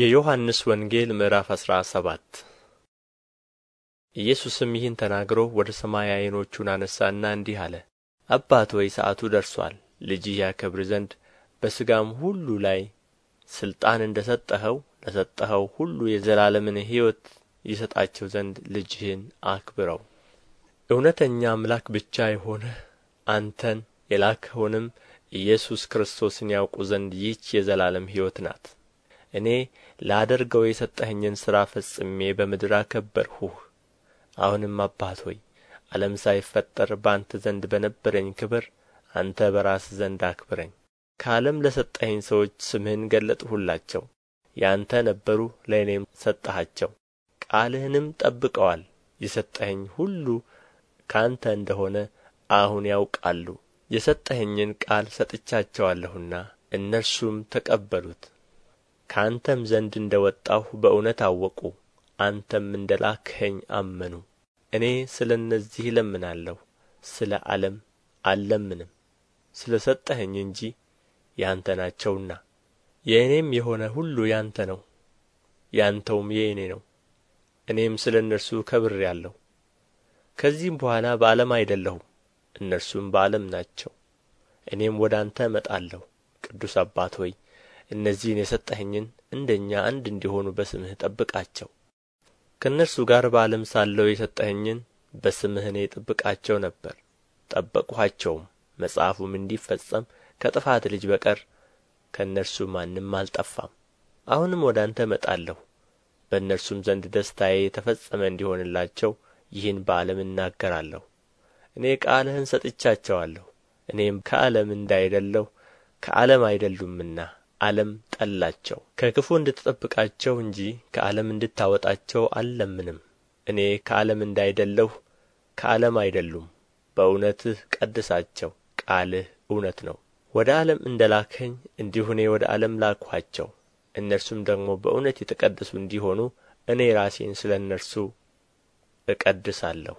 የዮሐንስ ወንጌል ምዕራፍ አስራ ሰባት ኢየሱስም ይህን ተናግሮ ወደ ሰማይ ዓይኖቹን አነሣና እንዲህ አለ። አባት ሆይ ሰዓቱ ደርሷል ልጅህ ያከብር ዘንድ በሥጋም ሁሉ ላይ ሥልጣን እንደ ሰጠኸው ለሰጠኸው ሁሉ የዘላለምን ሕይወት ይሰጣቸው ዘንድ ልጅህን አክብረው። እውነተኛ አምላክ ብቻ የሆነህ አንተን የላክኸውንም ኢየሱስ ክርስቶስን ያውቁ ዘንድ ይህች የዘላለም ሕይወት ናት። እኔ ላደርገው የሰጠኸኝን ሥራ ፈጽሜ በምድር አከበርሁህ አሁንም አባት ሆይ ዓለም ሳይፈጠር በአንተ ዘንድ በነበረኝ ክብር አንተ በራስ ዘንድ አክብረኝ ከዓለም ለሰጠኸኝ ሰዎች ስምህን ገለጥሁላቸው ያንተ ነበሩ ለእኔም ሰጠሃቸው ቃልህንም ጠብቀዋል የሰጠኸኝ ሁሉ ካንተ እንደሆነ አሁን ያውቃሉ የሰጠኸኝን ቃል ሰጥቻቸዋለሁና እነርሱም ተቀበሉት ከአንተም ዘንድ እንደ ወጣሁ በእውነት አወቁ አንተም እንደ ላክኸኝ አመኑ እኔ ስለ እነዚህ እለምናለሁ ስለ ዓለም አልለምንም ስለ ሰጠኸኝ እንጂ የአንተ ናቸውና የእኔም የሆነ ሁሉ ያንተ ነው ያንተውም የእኔ ነው እኔም ስለ እነርሱ ከብሬአለሁ ከዚህም በኋላ በዓለም አይደለሁም እነርሱም በዓለም ናቸው እኔም ወደ አንተ እመጣለሁ ቅዱስ አባት ሆይ እነዚህን የሰጠኸኝን እንደ እኛ አንድ እንዲሆኑ በስምህ ጠብቃቸው ከእነርሱ ጋር በዓለም ሳለው የሰጠኸኝን በስምህ እኔ እጠብቃቸው ነበር ጠበቅኋቸውም መጽሐፉም እንዲፈጸም ከጥፋት ልጅ በቀር ከእነርሱ ማንም አልጠፋም አሁንም ወደ አንተ እመጣለሁ በእነርሱም ዘንድ ደስታዬ የተፈጸመ እንዲሆንላቸው ይህን በዓለም እናገራለሁ እኔ ቃልህን ሰጥቻቸዋለሁ እኔም ከዓለም እንዳይደለሁ ከዓለም አይደሉምና ዓለም ጠላቸው ከክፉ እንድትጠብቃቸው እንጂ ከዓለም እንድታወጣቸው አልለምንም እኔ ከዓለም እንዳይደለሁ ከዓለም አይደሉም በእውነትህ ቀድሳቸው ቃልህ እውነት ነው ወደ ዓለም እንደ ላክኸኝ እንዲሁ እኔ ወደ ዓለም ላክኋቸው እነርሱም ደግሞ በእውነት የተቀደሱ እንዲሆኑ እኔ ራሴን ስለ እነርሱ እቀድሳለሁ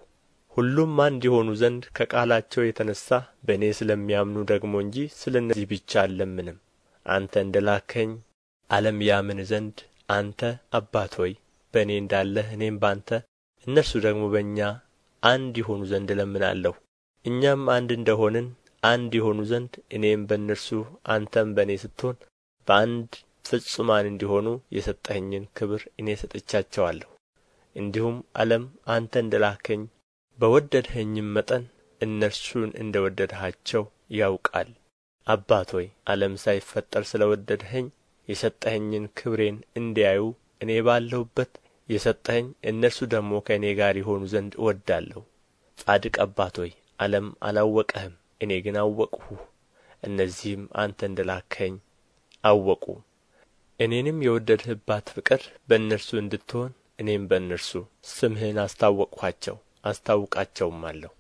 ሁሉም አንድ የሆኑ ዘንድ ከቃላቸው የተነሣ በእኔ ስለሚያምኑ ደግሞ እንጂ ስለ እነዚህ ብቻ አልለምንም አንተ እንደ ላክኸኝ ዓለም ያምን ዘንድ አንተ አባት ሆይ በእኔ እንዳለህ እኔም በአንተ እነርሱ ደግሞ በእኛ አንድ ይሆኑ ዘንድ እለምናለሁ እኛም አንድ እንደ ሆንን አንድ የሆኑ ዘንድ እኔም በእነርሱ አንተም በእኔ ስትሆን በአንድ ፍጹማን እንዲሆኑ የሰጠኸኝን ክብር እኔ ሰጥቻቸዋለሁ እንዲሁም ዓለም አንተ እንደ ላክኸኝ በወደድኸኝም መጠን እነርሱን እንደ ወደድሃቸው ያውቃል አባት ሆይ ዓለም ሳይፈጠር ስለ ወደድኸኝ የሰጠኸኝን ክብሬን እንዲያዩ እኔ ባለሁበት የሰጠኸኝ እነርሱ ደግሞ ከእኔ ጋር ይሆኑ ዘንድ እወዳለሁ። ጻድቅ አባት ሆይ ዓለም አላወቀህም፣ እኔ ግን አወቅሁ፣ እነዚህም አንተ እንደ ላክኸኝ አወቁ። እኔንም የወደድህባት ፍቅር በእነርሱ እንድትሆን እኔም በእነርሱ ስምህን አስታወቅኋቸው አስታውቃቸውም አለሁ